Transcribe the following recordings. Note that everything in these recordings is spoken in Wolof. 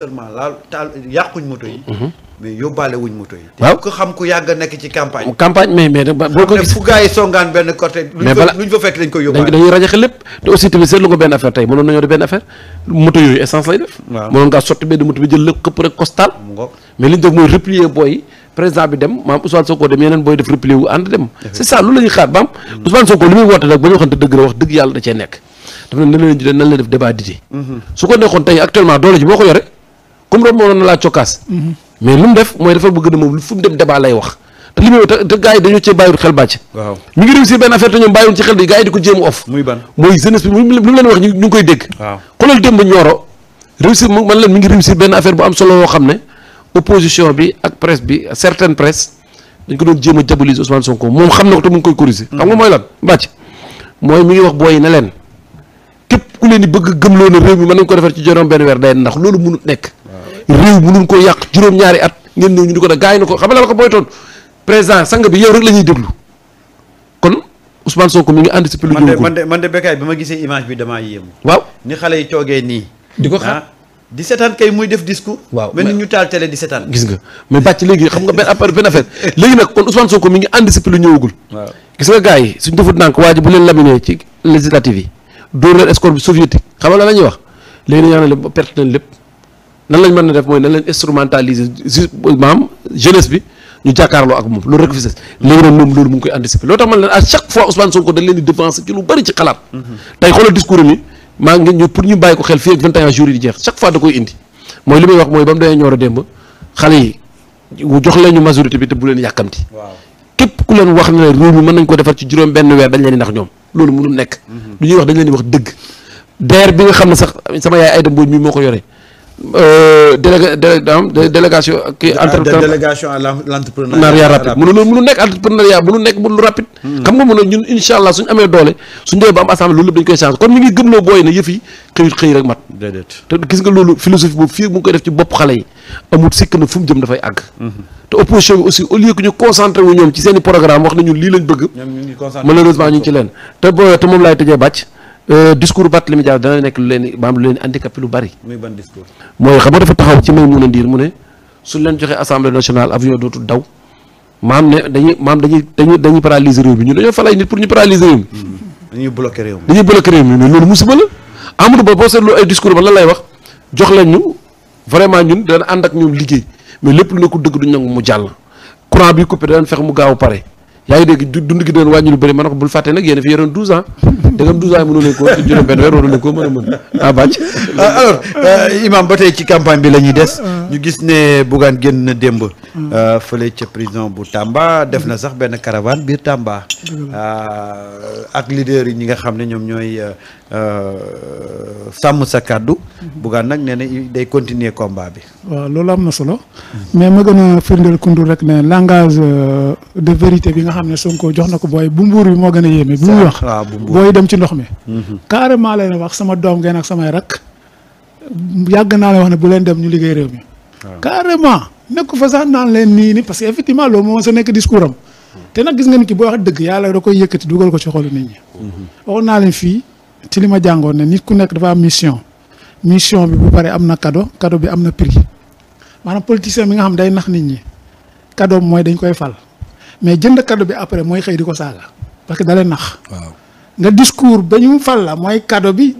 seulement laal yàquñ moto yi. Mhm. waaw ko xam ku yàgg nekk ci campagne. campagne mais mais boo ko gis mais bala luñ rajaxe lépp te aussi tamit seetlu nga benn affaire tey mënoon nañoo di benn affaire moto yooyu essence lay def. waaw mënoon ngaa sotti benn moto bi jël lépp këpp rek costal. mais liñ def mooy replier booy président bi dem maam Ousmane Sonko dem yeneen booy def replier wu ànd dem. c'est ça loolu la xaar baam. Mm. Ousmane Sonko li muy woote nag ba ñu waxante dëgg comme rob moo noonu laa cokkaas mhm. mais lu mu def mooy dafa bëgg na moom fu mu dem débat lay wax te li muy te te yi dañoo cee bàyyiwul xel bàcc waaw ngi réussir benn affaire te ñoom bàyyiwul ci xel di ko jéem off mooy jeunesse leen mu ngi réussir benn affaire bu am solo yoo xam ne opposition bi ak presse bi certaine presse dañ ko doon jéem a diaboliser Sonko moom xam na ko te mu ngi koy corriger mhm. xam nga mooy lan bàcc mooy mi ngi wax booy ne leen képp ku leen di bëgg gëmloo na réew mi loolu nekk réew mënuñ ko yàq juróom-ñaari at ngeen ñëw ñu di ko def gaay na ko xam la ko moytoon président sang bi yow rek la ñuy déglu kon Ousmane Sonko mi ngi anticiper. lu ñu ko man de man de Bécaye bi ma gisee image bi damaa yéemu. waaw ni nii. di ko ah, xaar seetaan kay muy def discours. waaw mais ñu taal télé di seetaan. gis nga mais bàcc léegi xam nga benn affaire benn affaire léegi nag kon Ousmane Sonko mi ngi anticiper lu ñëwagul. waaw gis nga gars yi suñ defut nànk waa ji bu leen laminé ci législative yi dóor leen bi soviétique xam nga la ñuy wax léegi dañu naan perte nañ lépp nan lañ mën na def mooy nan lañ instrumentaliser ju maam jeunesse bi ñu jàkkaarloo ak moom loolu loo tax man leen à chaque fois Ousmane Sonko dañ leen mm-hmm. pour ñu bàyyi ko xel fii ak 21 jours yi di jeex chaque fois da koy indi mooy li a jox leen ñu majorité bi te bu leen yàkkamti képp ku leen wax ne réew mën nañ ko defar ci juróom benn weer dañ leen di nax ñoom loolu mënul nekk mm-hmm. lu ñuy wax dañ leen di wax dëgg DER bi nga xam ne sax sama yaay ay Mbodj mi moo ko yoree Euh, délégué délé délégation. kii ah, entre délégation à l'entrepreneuriat rapide mënu loolu mënu nekk entrepreneuriat mënu nekk mënu rapide. Hmm. xam nga mënu ñun incha allah suñu amee doole suñu dee ba am assemblée loolu lépp koy changé kon ñu ngi gëmloo jëm dafay àgg. Hmm. te opposition aussi au lieu que ñu concentré wu ñoom ci seen i programme wax nañu lii lañ bëgg. malheureusement ñu ngi ci leen te moom laay tëjee bàcc Euh, discours Barthélémy Dias dana nekk lu leen maanaam lu leen handicapé lu bari. muy ban discours. mooy xam nga dafa taxaw ci Maïmouna Ndir mu ne suñ leen joxee assemblée nationale avion dootul daw maam ne dañuy maam dañuy dañuy dañuy paralyser réew mi ñu dañoo falay nit pour ñu paralyser réew mi. Hmm. dañuy bloquer réew mi dañuy bloquer réew mi mais loolu musiba la. Amadou Ba boo seetloo ay discours ba lan lay wax jox leen ñu vraiment ñun dana ànd ak ñoom liggéey mais lépp lu ne ko dëgg du nangu mu jàll. courant bi coupé daan fex mu gaaw pare yaa ngi dégg dund gi daan wàññi lu bëri dëggam 12 ans mënoo leen ko juróom benn weer waroon mën a mën ah bàcc ah, euh, imam ba tey ci campagne bi la des ah. ñu gis ne Bougane génn na démb ah. euh, fële ca prison bu Tamba def na sax benn caravane biir Tamba euh, ak leader yi ñi nga xam ne ñoom ñooy sàmm sa kàddu Bougane nag nee na day continuer combat bi. waaw loolu am na solo. mais ma gën a firndeel Koundoul rek ne langage euh, de vérité bi nga xam ne Sonko jox na ko booy bu mbuur bi moo gën a yéeme. bu muy wax booy dem ci ndox mi. Mhm. carrément lay wax sama doom ngeen ak samay rak yàgg naa leen wax ne bu leen dem ñu liggéey réew mi. carrément nekk fa sax naan leen nii ni parce que effectivement loolu moo sa nekk discours am. te nag gis ngeen ki boo wax dëgg yàlla da koy yëkkati dugal ko ci xolu nit ñi. Mhm. waxoon naa ci li ma jàngoon nit ku nekk dafa am mission. mission bi bu pare am na cadeau cadeau bi am na prix maanaam politicien bi nga xam day nax nit ñi cadeau mooy dañ koy fal mais jënd cadeau bi après mooy xëy di ko saaga parce que dalee nax. waaw nga discours ba ñu fal la mooy cadeau bi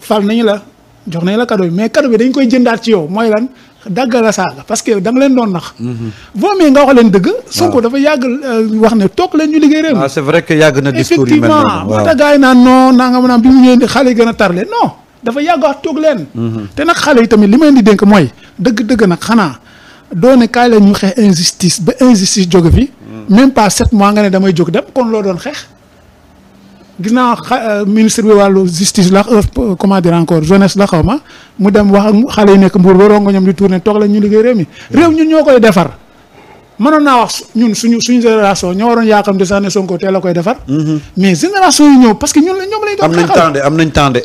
fal nañu la jox nañu la cadeau bi mais cadeau bi dañ jëndaat ci yow mooy lan dagg la saaga parce que da nga leen doon nax. boo mhm. amee nga wax leen dëgg. Sonko dafa yàgg euh, wax ne toog leen ñu liggéey réew mi. Ah, c'est vrai que yàgg na discours effectivement moo tax naan non naa nga maanaam bi mu ñëwee xale yi gën a tarle non. dafa yàgg wax toog leen. te nag xale yi tamit li ma leen di dénk mooy dëgg-dëgg nag xanaa doone kaay la ñu xeex injustice ba injustice jóge fi. même pas set mois nga ne damay jóg dem kon loo doon xeex. gis naa euh, ministre bi wàllu justice la euh, comment dire encore jeunesse la xaw ma mu dem wax xale yi nekk mbuur ba rongo ñoom di tourné toog la ñu liggéey réew mi réew ñun ñoo koy defar. manoon naa wax ñun suñu suñu génération ñoo waroon yaakam de sax ne Sonko teel a koy defar. mais génération yi ñëw parce que ñun la ñoom lañ doon xeexal am nañ tànde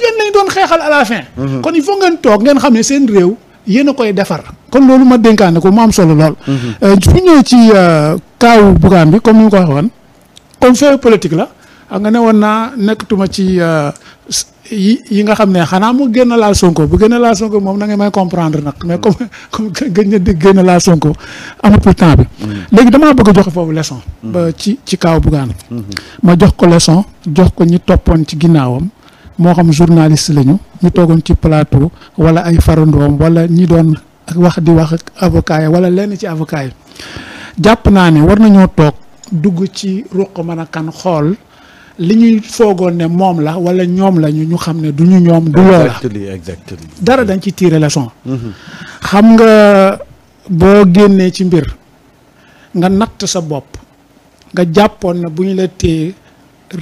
il faut ngeen toog ngeen xam ne seen réew yéen a koy defar. comme loolu ma dénkaane ko mu am solo lool. su mhm. euh, ñëwee ci euh, kaawu bugaan bi comme ni nga ko waxee woon comme fait politique la a ah, nga ne woon naa nekkatuma ci. Euh, yi yi nga xam ne xanaa mu génn laa sonko bu génn laa sonko moom na nga may comprendre nag mais comme comme gën na di génn laa sonko amatul temps bi mm. léegi damaa bëgg a joxe foofu leçon mm. ba ci ci kaaw Bougane mm-hmm. ma jox ko leçon jox ko ñi toppoon ci ginnaawam moo xam journaliste lañu ñu toogoon ci plateau wala ay farandoom wala ñi doon wax di wax ak avocat yi wala lenn ci avocat yi jàpp naa ne war nañoo toog dugg ci ruq mën a kan xool li ñuy foogoon ne moom la wala ñoom lañu ñu xam ne du ñu ñoom. du loola dara dañ ci tirer leçon. Mm-hmm. xam nga boo génnee ci mbir nga natt sa bopp nga jàppoon na bu ñu la tee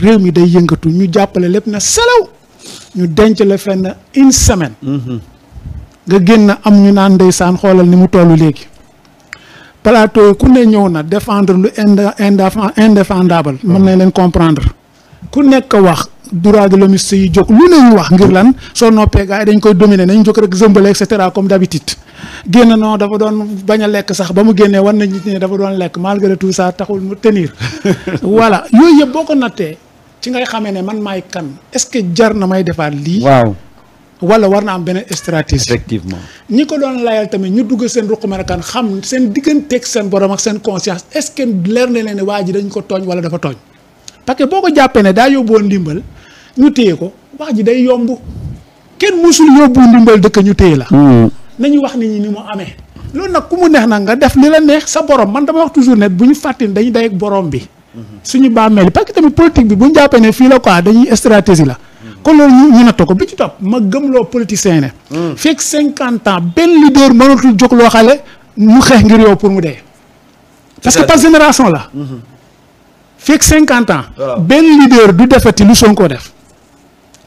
réew mi day yëngatu ñu jàppale lépp na salaw ñu denc la fenn une semaine. Mm-hmm. nga génn am ñu naan ndeysaan xoolal ni mu tollu léegi. plateau ku ne ñëw na défendre lu ind indéfendable. mën nañ mm-hmm. leen comprendre. ku nekk wax droit de l'hommiste yi jóg lu ne wax ngir lan soo noppee gars yi dañ koy dominer nañ jóg rek zëmbale et cetera comme d'habitude génn noo dafa doon baña lekk sax ba mu génnee war nañ nit ñi dafa doon lekk malgré tout ça taxul mu tenir voilà yooyu yëpp boo ko nattee ci ngay xamee ne man maay kan est-ce que jar na may defaat lii. waaw wala war na am beneen stratégie. effectivement ñi ko doon layal tamit ñu dugg seen ruq marakaan xam seen digganteeg seen borom ak seen conscience est leer na leen waa ji dañ ko tooñ wala dafa tooñ. parce que boo ko jàppee ne daa yóbboo ndimbal ñu téye ko wax ji day yomb kenn musul yóbbu ndimbal dëkk ñu téye la. Hmm. nañu wax nit ñi ni mu amee. loolu nag ku mu neex nag nga def li la neex sa borom man dama wax toujours ne bu ñu fàttali dañu day ak borom bi. suñu bàmmeel parce que tamit politique bi bu ñu jàppee ne fii la quoi dañuy stratégie la. kon loolu ñu ñu natt ko bi ci topp ma gëmloo politicien ne. Hmm. fekk cinquante ans benn leader mënatul jóg loo xale mu xeex ngir pour mu dee. parce que par génération la. Hmm. fekk cinquante ans. benn leader du defati lu Sonko def.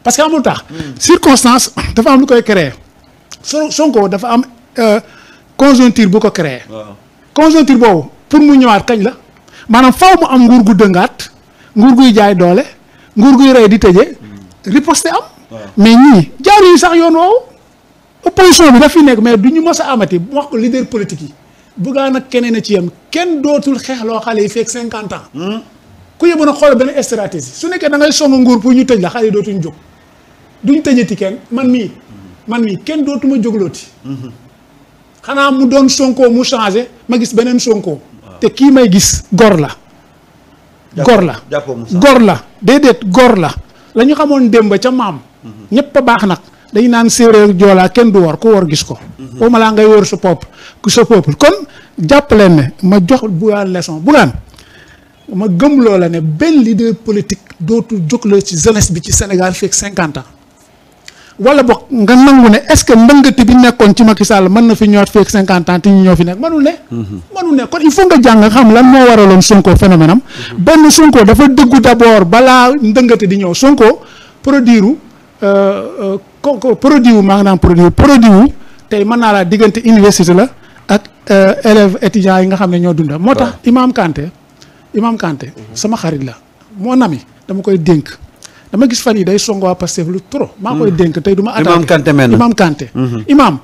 parce que amul tax. Hmm. circonstance dafa am lu koy créer. so Sonko dafa am euh, conjoncture bu ko créer. conjoncture boobu pour mu ñëwaat kañ la maanaam faw mu am nguur gu dëngaat nguur guy jaay doole nguur guy rey di tëje hmm. riposte am. mais ñii jaaruñu sax yoon woowu. opposition bi dafi nekk mais du ñu mës a amati wax ko leader politique yi. Bougane nag keneen a ci yam kenn dootul xeex loo xale yi fekk cinquante ans. Hmm. ku yëboon a xool benn stratégie su nekkee dangay ngay song nguur pour ñu tëj la xale yi dootuñu jóg duñ tëjati kenn man mii man mii kenn dootuma jóglooti xanaa mu doon sonkoo mu changé ma gis beneen sonkoo te kii may gis gor la gor la gor la déedéet gor la la ñu xamoon démb ca maam mhm. ñépp a baax nag dañu naan séeréer joolaa kenn du wor ku wor gis ko boo mhm. ma laa ngay wor sa pop ku sa peuple kon jàpp leen ne ma jox buyaan leçon bugaan ma gëm loola ne benn leader politique dootul jóg la ci jeunesse bi ci Sénégal fekk cinquante ans wala boog nga nangu ne est-ce que ndëngati bi nekkoon ci Macky Sall mën na fi ñëwaat fekk cinquante ans te ñoo fi nekk mënul ne. Mhm. mënul ne kon il faut nga jàng xam lan moo waraloon Sonko phénomène mhm. benn Sonko dafa dëggu d'abord balaa ndëngati di ñëw Sonko produit ru ko euh, euh, produit wu maa ngi naan produit wu tey mën naa laa diggante université la ak euh, élèves étudiants yi nga xam ne ñoo dunda moo tax Imam Kanté. Imam Kanté sama xarit la mon ami dama koy dénk dama gis fan yi day song waa Pastef lu trop maa koy dénk tey duma ma attaqué Imam Kanté mel na Imam Kanté mhm. Imam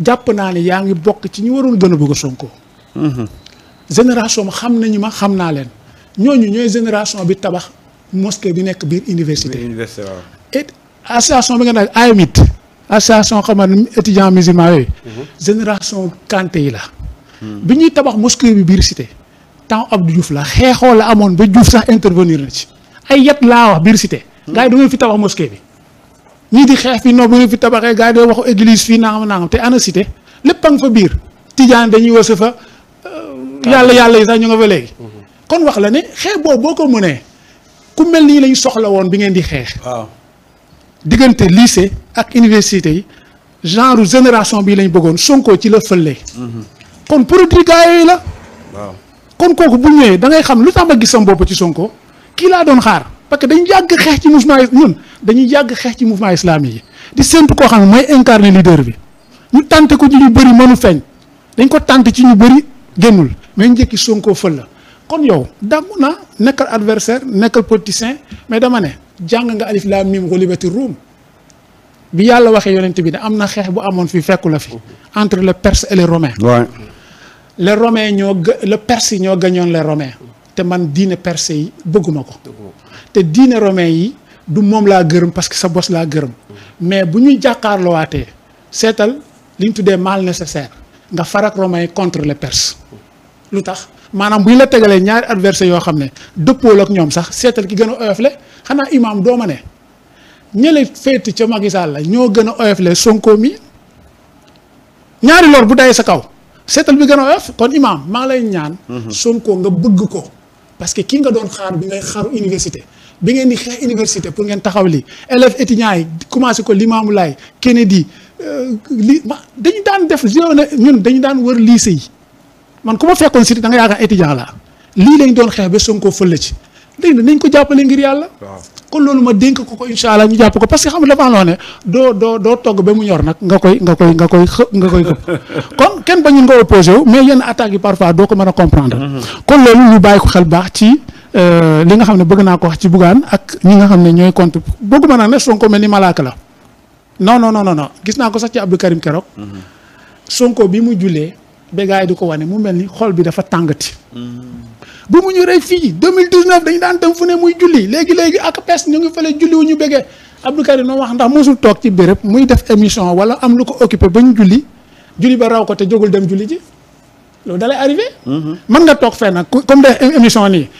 jàpp naa ne yaa ngi bokk ci ñi waroon gën a bëgg a Sonko mhm. génération ma xam nañu ma xam naa leen ñooñu ñooy génération bi tabax mosquée bi nekk biir université et association bi nga nag ayamit association xamal étudiant musulman yooyu mhm. génération Kanté yi la bi ñuy tabax mosquée bi biir cité temps Abdou Diouf la xeexoo la amoon ba Diouf sax intervenir na ci ay yat laa wax biir cité. gars yi da ngeen fi tabax mosquée bi. ñii di xeex fii non bu ngeen fi tabaxee gars yi day waxu église fii nangam nangam te ana cité lépp a nga fa biir. tijaan dañuy wasa fa. Euh, yàlla yàlla yi sax ñoo nga fa léegi. kon wax la ne xeex boobu boo ko mënee ku mel nii lañ soxla woon bi ngeen di xeex. diggante lycée ak université yi genre génération bii lañ bëggoon sonkoo ci la fële. Mhm. kon kooku bu ñëwee da ngay xam lu tax ma gis sama bopp ci Sonko kii laa doon xaar parce que dañu yàgg xeex ci mouvement ñun dañuy yàgg xeex ci mouvement islamique yi di séntu koo xam ne mooy incarner leader bi ñu tànte ko ci ñu bëri mënu feeñ dañ ko tànte ci ñu bëri génnul mais njëkki Sonko fël la kon yow dàmm na nekkal adversaire nekkal politicien mais dama ne jàng nga alif laam miim xulibati ruum bi yàlla waxee yonent bi de am na xeex bu amoon fii fekku la fi entre le Perses et les Romains. le romains ñoo le perse yi ñoo gañoon les romain te man diine perse yi bëgguma ko te diine romain yi du moom laa gërëm parce que sa bos laa gërëm mais bu ñuy jàkkaarloowaatee seetal li ñu tuddee mal nécessaire nga farak romain yi contre les perses lu tax maanaam bu la tegalee ñaari adversaire yoo xam ne dëppool ak ñoom sax seetal ki gën a oyofle xanaa imaam dooma ne ñële féet ca Macky Sall la ñoo gën a oyofle sonkoo mi ñaari lor bu day sa kaw seetal bi gën a oyof kon imaam maa lay ñaan. Mhm. Sonko nga bëgg ko. parce que kii nga doon xaar bi ngay xaru université bi ngeen di xeex université pour ngeen taxaw lii élèves étudiants yi commencé ko Limamou Laye Kennedy euh, li ma dañu daan def ñun dañu daan wër lycée yi man ku ma fekkoon si da nga yaakaar étudiant laa lii lañ doon xeex ba Sonko fële ci. léegi nañ ko jàppale ngir yàlla. kon loolu ma dénk ko ko incha nga ba mu ñor nag ko a comprendre. Mm-hmm. kon loolu ñu bàyyi ko xel euh, xam ne bëgg naa ko wax ci Bougane ak ñi nga xam ne ñooy compte bëgguma nag ne Sonko mel ni malaaka la non non non non gis naa ko sax ci Abdou Karim Keroog. Mm-hmm. Sonko bi mu jullee ba gars yi di ko wane mu mel ni xol bi dafa tàngati. Mm-hmm. bu mu ñu rey fii 2019 dañu daan dem fu ne muy julli léegi léegi ak pes ñu ngi fële julli wu ñu bëggee Abdou Karim noo wax ndax mosul toog ci béréb muy def émission wala am lu ko occupé ba ñu julli julli ba raw ko te jógul dem julli ji loolu dalay arrivé. Mm-hmm. mën nga toog fenn comme day émission nii